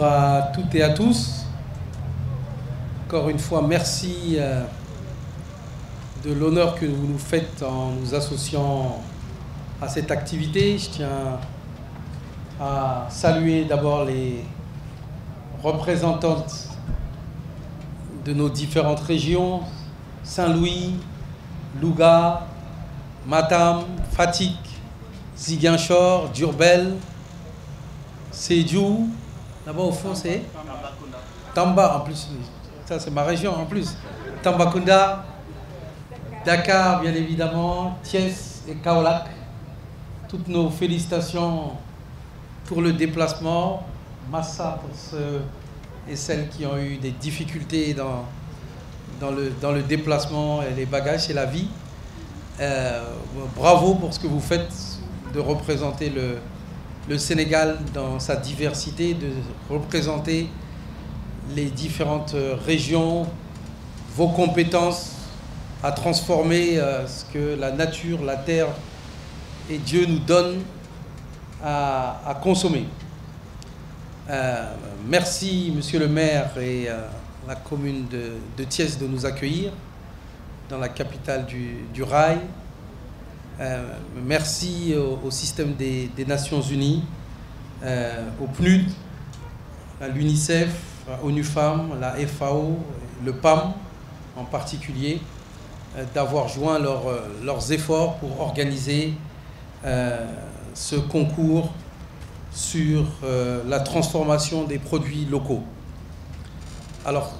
Bonjour à toutes et à tous. Encore une fois, merci euh, de l'honneur que vous nous faites en nous associant à cette activité. Je tiens à saluer d'abord les représentantes de nos différentes régions, Saint-Louis, Louga, Matam, Fatik, Ziguinchor, Durbel, Sédiou, Là-bas au fond, c'est Tamba en plus. Ça, c'est ma région en plus. Tambacounda, Dakar, bien évidemment, Thiès et Kaolac. Toutes nos félicitations pour le déplacement. Massa pour ceux et celles qui ont eu des difficultés dans, dans, le, dans le déplacement et les bagages et la vie. Euh, bravo pour ce que vous faites de représenter le, le Sénégal dans sa diversité, de représenter les différentes euh, régions, vos compétences à transformer euh, ce que la nature, la terre et Dieu nous donne à, à consommer. Euh, merci, monsieur le maire et euh, la commune de, de Thiès de nous accueillir dans la capitale du, du rail. Euh, merci au, au système des, des, Nations Unies, euh, au PNUD, à l'UNICEF, à ONU Femmes, la FAO, le PAM en particulier, euh, d'avoir joint leur, euh, leurs efforts pour organiser euh, ce concours sur euh, la transformation des produits locaux. Alors,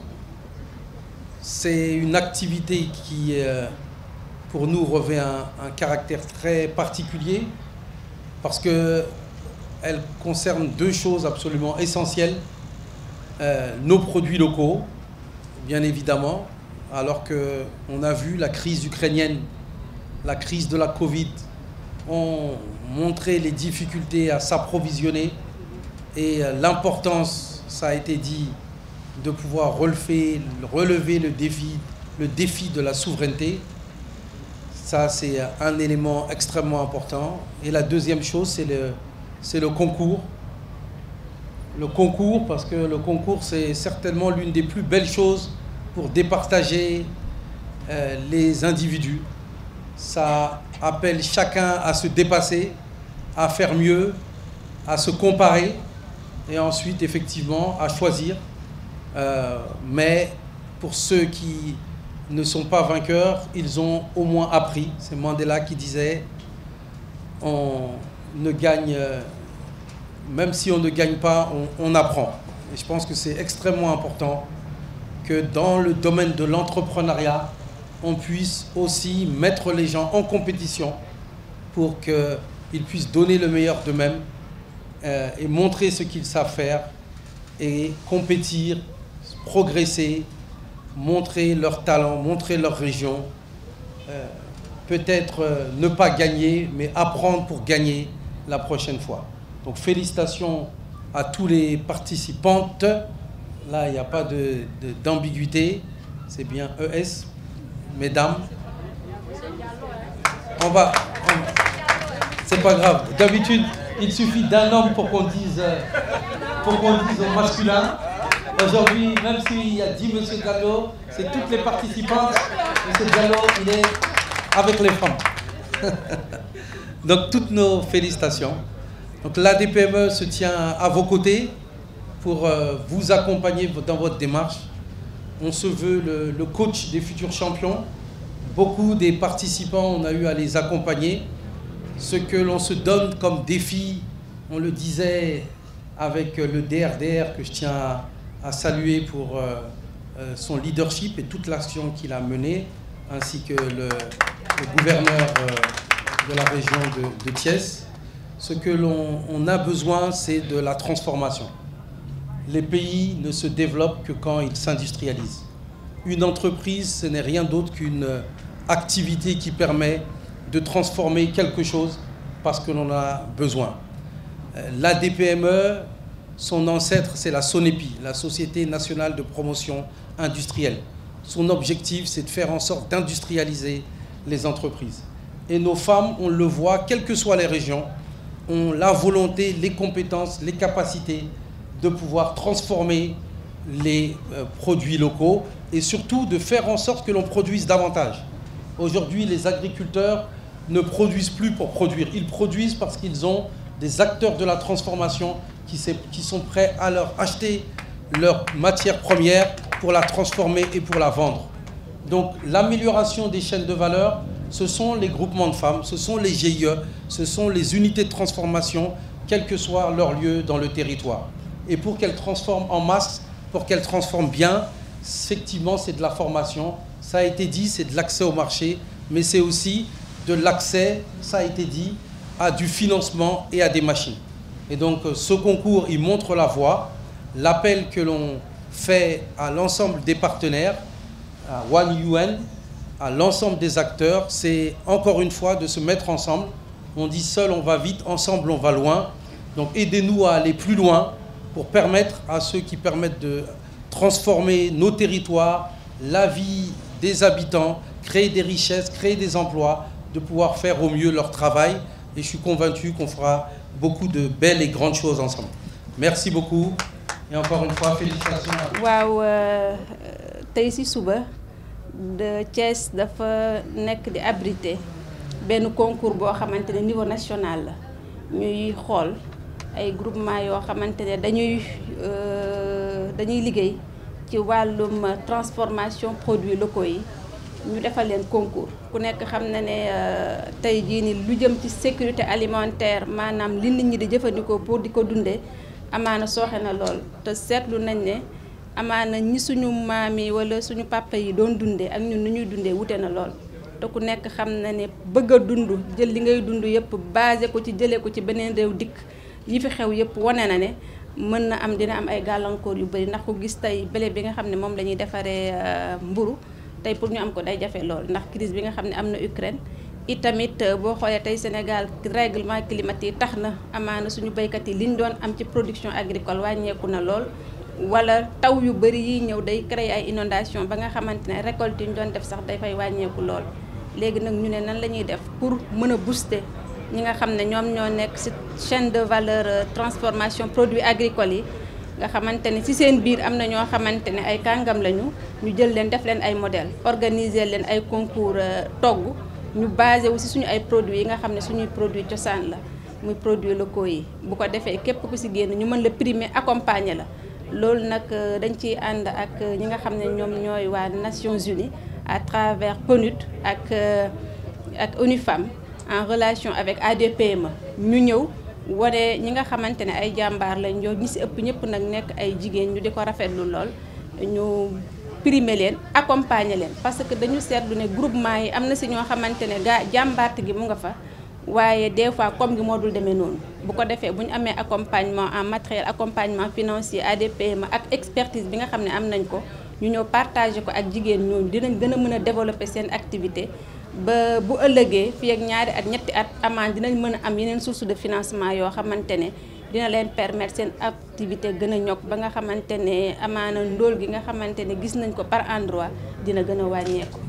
c'est une activité qui pour nous revêt un, un, caractère très particulier parce que elle concerne deux choses absolument essentielles euh, nos produits locaux, bien évidemment, alors que on a vu la crise ukrainienne, la crise de la Covid ont montré les difficultés à s'approvisionner et euh, l'importance, ça a été dit, de pouvoir relever, relever le défi, le défi de la souveraineté Ça, c'est un élément extrêmement important. Et la deuxième chose, c'est le, c'est le concours. Le concours, parce que le concours, c'est certainement l'une des plus belles choses pour départager euh, les individus. Ça appelle chacun à se dépasser, à faire mieux, à se comparer et ensuite, effectivement, à choisir. Euh, mais pour ceux qui ne sont pas vainqueurs, ils ont au moins appris. C'est Mandela qui disait, on ne gagne, euh, même si on ne gagne pas, on, on apprend. Et je pense que c'est extrêmement important que dans le domaine de l'entrepreneuriat, on puisse aussi mettre les gens en compétition pour qu'ils puissent donner le meilleur d'eux-mêmes euh, et montrer ce qu'ils savent faire et compétir, progresser, montrer leur talent, montrer leur région, euh, peut-être euh, ne pas gagner, mais apprendre pour gagner la prochaine fois. Donc félicitations à tous les participantes. Là, il n'y a pas d'ambiguïté. De, de, C'est bien ES, mesdames. On va... C'est pas grave. D'habitude, il suffit d'un homme pour qu'on dise, euh, pour qu'on dise au masculin. Aujourd'hui, même s'il y a 10 Monsieur Diallo, c'est toutes les participantes. Monsieur Diallo, il est avec les femmes. Donc, toutes nos félicitations. Donc, l'ADPME se tient à vos côtés pour euh, vous accompagner dans votre démarche. On se veut le, le coach des futurs champions. Beaucoup des participants, on a eu à les accompagner. Ce que l'on se donne comme défi, on le disait avec le DRDR que je tiens à à saluer pour euh, euh, son leadership et toute l'action qu'il a menée, ainsi que le, le gouverneur euh, de la région de, de Thiès. Ce que l'on a besoin, c'est de la transformation. Les pays ne se développent que quand ils s'industrialisent. Une entreprise, ce n'est rien d'autre qu'une activité qui permet de transformer quelque chose parce que l'on a besoin. Euh, la DPME Son ancêtre, c'est la SONEPI, la Société nationale de promotion industrielle. Son objectif, c'est de faire en sorte d'industrialiser les entreprises. Et nos femmes, on le voit, quelles que soient les régions, ont la volonté, les compétences, les capacités de pouvoir transformer les euh, produits locaux et surtout de faire en sorte que l'on produise davantage. Aujourd'hui, les agriculteurs ne produisent plus pour produire, ils produisent parce qu'ils ont des acteurs de la transformation qui sont prêts à leur acheter leur matière première pour la transformer et pour la vendre. Donc l'amélioration des chaînes de valeur, ce sont les groupements de femmes, ce sont les GIE, ce sont les unités de transformation, quel que soit leur lieu dans le territoire. Et pour qu'elles transforment en masse, pour qu'elles transforment bien, effectivement, c'est de la formation. Ça a été dit, c'est de l'accès au marché, mais c'est aussi de l'accès, ça a été dit, à du financement et à des machines. Et donc euh, ce concours, il montre la voie. L'appel que l'on fait à l'ensemble des partenaires, à One UN, à l'ensemble des acteurs, c'est encore une fois de se mettre ensemble. On dit seul on va vite, ensemble on va loin. Donc aidez-nous à aller plus loin pour permettre à ceux qui permettent de transformer nos territoires, la vie des habitants, créer des richesses, créer des emplois, de pouvoir faire au mieux leur travail. et je suis convaincu Merci beaucoup waaw euh, tey ci suba de Thiès dafa nekk di abriter benn concours boo xamante ne niveau national la ñuy xool ay groupement yoo xamante ne dañuy euh, dañuy liggéey ci wàllum transformation produits locaux yi. ñu defal leen concours ku nekk xam na ne euh, tey jii ni lu jëm ci sécurité alimentaire maanaam li nit ñi di jëfandikoo pour di ko dundee amaana sooxe na lool te seetlu nañ ne amaana ñi suñu maam yi wala suñu papa yi doon dundee ak ñun nu ñuy dundee wute na lool te ku nekk xam na ne bëgg a dund jël li ngay dund yëpp basé ko ci jëlee ko ci beneen réew dikk yi fi xew yëpp wane na ne mën na am dina am ay gàllankoor yu bari ndax ku gis tey bële bi nga xam ne moom la ñuy defaree euh, mburu tey pour ñu am ko day jafe lool ndax crise bi nga xam ne am na Ukraine it tamit euh, boo xoolee tey Sénégal règlement climatique tax na amaana suñu béykat yi ñu doon am ci production agricole wàññeeku na lool wala taw yu bëri yiy ñëw day créer ay inondation ba nga xamante ne récolte yi ñu doon def sax day fay wàññeeku lool léegi nag ñu ne nan la ñuy def pour mën a booster ñi nga xam ne ñoom ñoo nekk ci chaîne de valeur euh, transformation produit agricoles yi nga xamante ne ci seen biir am na ñoo xamante ne ay kàngam lañu ñu jël leen def leen ay modèle organiser leen ay concours euh, togg ñu basé wu ci suñu ay produits yi nga xam ne suñuy produit cosaan la muy produit locaux yi bu ko defee képp ku ci génn ñu mën la primer accompagner la loolu nag euh, dañ ciy ànd ak euh, ñi nga xam ne ñoom ñooy waa Nations uni à travers PNUD ak ak ONU en relation avec ADPME ñu ñëw wane ñi nga xamante ne ay jàmbaar lañ ñoo ñi si ëpp ñëpp nag nekk ay jigéen ñu di ko rafetlu lool ñu primer leen accompagner leen parce que dañu seetlu ne groupement yi am na si ñoo xamante ne gaa jàmbaarte gi mu nga fa waaye des fois comme gi moo dul demee noonu bu ko defee bu ñu amee accompagnement en matériel accompagnement financier ADPMA ak expertise bi nga xam ne am nañ ko ñu ñëw partager ko ak jigéen ñooñu dinañ gën a mën a développer seen activité ba bu ëllëgee fii ak ñaari at ñetti at amaan dinañ mën a am yeneen source de financement yoo xamante ne dina leen permettre seen activité gën a ñokk ba nga xamante ne amaana ndóol gi nga xamante ne gis nañ ko par endroit dina gën a wàññeeku.